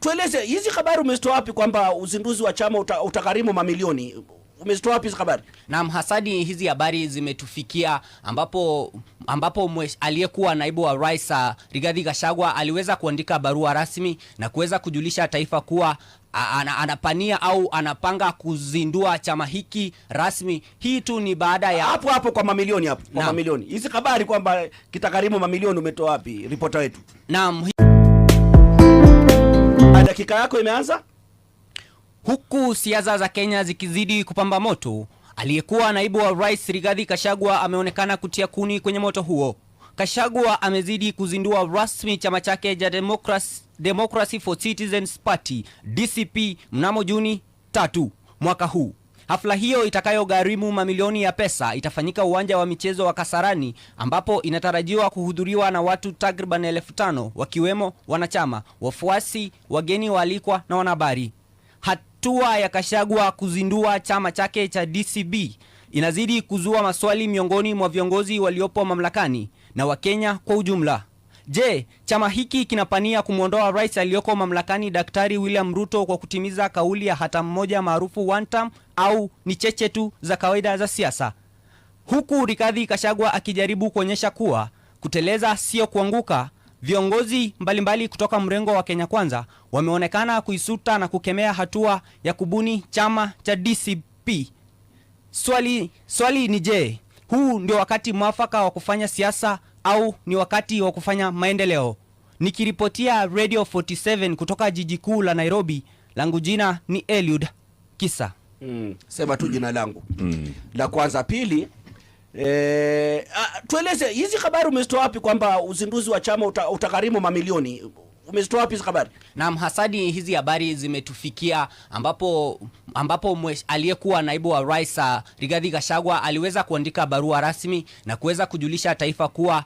tueleze hizi habari umezitoa wapi, kwamba uzinduzi wa chama uta, utagharimu mamilioni? Umezitoa wapi hizi habari? Naam, Hasadi, hizi habari zimetufikia ambapo ambapo aliyekuwa naibu wa rais uh, Rigathi gashagwa aliweza kuandika barua rasmi na kuweza kujulisha taifa kuwa uh, anapania au anapanga kuzindua chama hiki rasmi. Hii tu ni baada ya hapo hapo kwa mamilioni hapo kwa mamilioni. Hizi habari kwamba kitagharimu mamilioni umetoa wapi, ripota wetu? Naam dakika yako imeanza. Huku siasa za Kenya zikizidi kupamba moto, aliyekuwa naibu wa rais Rigathi Kashagwa ameonekana kutia kuni kwenye moto huo. Kashagwa amezidi kuzindua rasmi chama chake cha Democracy, Democracy for Citizens Party DCP mnamo Juni tatu mwaka huu. Hafla hiyo itakayogharimu mamilioni ya pesa itafanyika uwanja wa michezo wa Kasarani ambapo inatarajiwa kuhudhuriwa na watu takriban elfu tano wakiwemo wanachama, wafuasi, wageni waalikwa na wanahabari. Hatua ya Kashagwa kuzindua chama chake cha DCB inazidi kuzua maswali miongoni mwa viongozi waliopo mamlakani na Wakenya kwa ujumla. Je, chama hiki kinapania kumwondoa rais aliyoko mamlakani Daktari William Ruto kwa kutimiza kauli ya hata mmoja maarufu one term, au ni cheche tu za kawaida za siasa? Huku rikadhi kashagwa akijaribu kuonyesha kuwa kuteleza sio kuanguka, viongozi mbalimbali mbali kutoka mrengo wa Kenya Kwanza wameonekana kuisuta na kukemea hatua ya kubuni chama cha DCP. Swali, swali ni je, huu ndio wakati mwafaka wa kufanya siasa au ni wakati wa kufanya maendeleo. Nikiripotia Radio 47 kutoka jiji kuu la Nairobi, langu jina ni Eliud Kisa. Mm, sema tu jina langu mm. La kwanza. Pili, eh, a, ah, tueleze hizi habari umezitoa wapi kwamba uzinduzi wa chama utagharimu mamilioni? umezitoa wapi hizo habari? Naam, Hasadi, hizi habari zimetufikia ambapo ambapo aliyekuwa naibu wa rais uh, Rigathi Gachagua aliweza kuandika barua rasmi na kuweza kujulisha taifa kuwa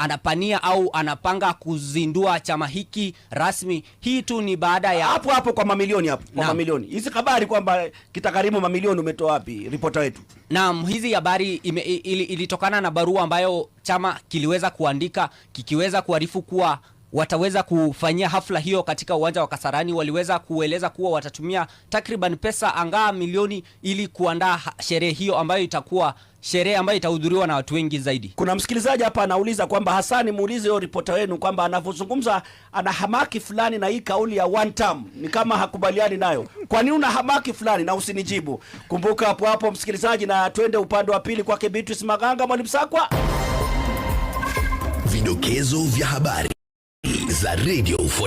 anapania au anapanga kuzindua chama hiki rasmi. Hii tu ni baada ya hapo hapo kwa mamilioni hapo kwa mamilioni. Hizi habari kwamba kitakarimu mamilioni umetoa wapi, ripota wetu? Naam, hizi habari ilitokana ili na barua ambayo chama kiliweza kuandika kikiweza kuarifu kuwa wataweza kufanyia hafla hiyo katika uwanja wa Kasarani. Waliweza kueleza kuwa watatumia takriban pesa angaa milioni ili kuandaa sherehe hiyo ambayo itakuwa sherehe ambayo itahudhuriwa na watu wengi zaidi. Kuna msikilizaji hapa anauliza kwamba Hasani, muulize huyo ripota wenu kwamba anavyozungumza ana hamaki fulani na hii kauli ya one term, ni kama hakubaliani nayo. Kwa nini una hamaki fulani na usinijibu? Kumbuka hapo hapo msikilizaji, na twende upande wa pili kwake Beatrice Maganga. Mwalimu Sakwa, vidokezo vya habari la radio fue.